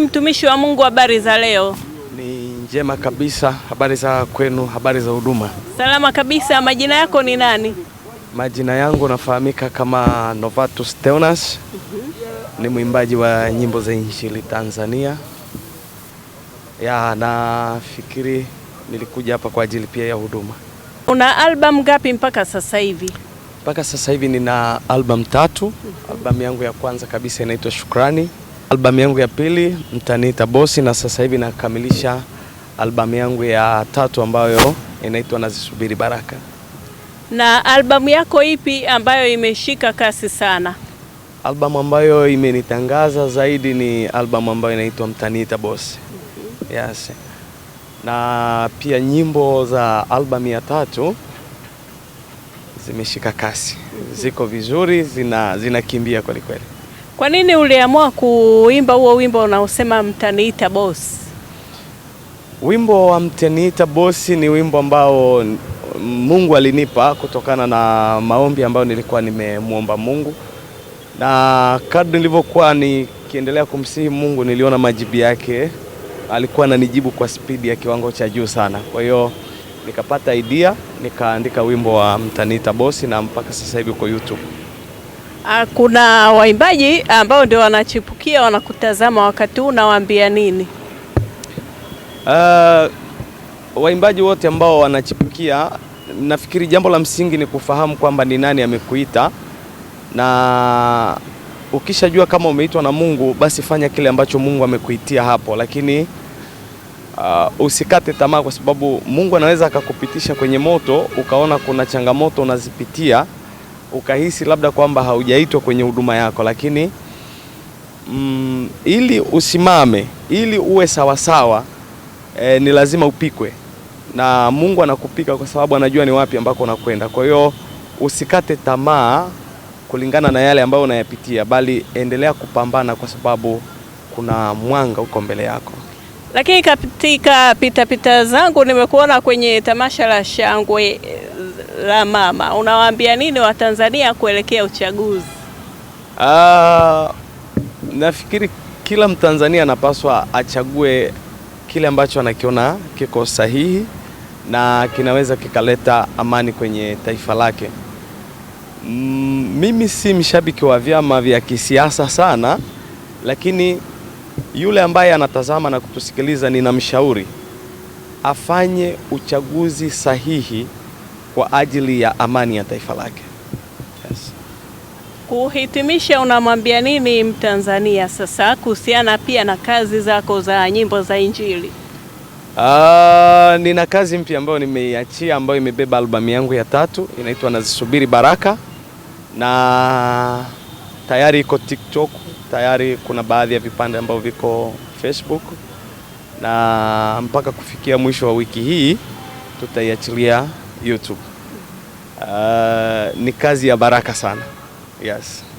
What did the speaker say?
Mtumishi wa Mungu, habari za leo? Ni njema kabisa. Habari za kwenu? Habari za huduma? Salama kabisa. Majina yako ni nani? Majina yangu nafahamika kama Novatus Theonas. mm -hmm. Ni mwimbaji wa nyimbo za injili Tanzania. Ya, nafikiri nilikuja hapa kwa ajili pia ya huduma. Una albamu ngapi mpaka sasa hivi? Mpaka sasa hivi nina albamu tatu. mm Albamu yangu ya kwanza kabisa inaitwa Shukrani. Albamu yangu ya pili mtaniita bosi, na sasa hivi nakamilisha albamu yangu ya tatu ambayo inaitwa Nazisubiri Baraka. Na albamu yako ipi ambayo imeshika kasi sana? Albamu ambayo imenitangaza zaidi ni albamu ambayo inaitwa Mtaniita Bosi. Mm-hmm. Yes. Na pia nyimbo za albamu ya tatu zimeshika kasi, mm-hmm. ziko vizuri, zina zinakimbia kwelikweli. Kwa nini uliamua kuimba huo wimbo unaosema mtaniita boss? Wimbo wa mtaniita boss ni wimbo ambao Mungu alinipa kutokana na maombi ambayo nilikuwa nimemwomba Mungu, na kadri nilivyokuwa nikiendelea kumsihi Mungu niliona majibu yake, alikuwa ananijibu kwa spidi ya kiwango cha juu sana. Kwa hiyo nikapata idea nikaandika wimbo wa mtaniita bosi na mpaka sasa hivi uko YouTube. Ah, kuna waimbaji ambao ndio wanachipukia wanakutazama wakati huu, nawaambia nini? Uh, waimbaji wote ambao wanachipukia, nafikiri jambo la msingi ni kufahamu kwamba ni nani amekuita, na ukishajua kama umeitwa na Mungu, basi fanya kile ambacho Mungu amekuitia hapo, lakini uh, usikate tamaa, kwa sababu Mungu anaweza akakupitisha kwenye moto, ukaona kuna changamoto unazipitia ukahisi labda kwamba haujaitwa kwenye huduma yako, lakini mm, ili usimame, ili uwe sawasawa e, eh, ni lazima upikwe na Mungu anakupika kwa sababu anajua ni wapi ambako unakwenda. Kwa hiyo usikate tamaa kulingana na yale ambayo unayapitia, bali endelea kupambana kwa sababu kuna mwanga uko mbele yako. Lakini katika pitapita zangu nimekuona kwenye tamasha la shangwe la mama, unawaambia nini Watanzania kuelekea uchaguzi? Uh, nafikiri kila Mtanzania anapaswa achague kile ambacho anakiona kiko sahihi na kinaweza kikaleta amani kwenye taifa lake. Mm, mimi si mshabiki wa vyama vya kisiasa sana, lakini yule ambaye anatazama na kutusikiliza, ninamshauri afanye uchaguzi sahihi kwa ajili ya amani ya taifa lake. Yes. Kuhitimisha, unamwambia nini Mtanzania sasa kuhusiana pia na kazi zako za nyimbo za Injili? Uh, nina kazi mpya ambayo nimeiachia ambayo imebeba albamu yangu ya tatu inaitwa Nazisubiri Baraka na tayari iko TikTok, tayari kuna baadhi ya vipande ambavyo viko Facebook na mpaka kufikia mwisho wa wiki hii tutaiachilia YouTube. Uh, ni kazi ya baraka sana. Yes.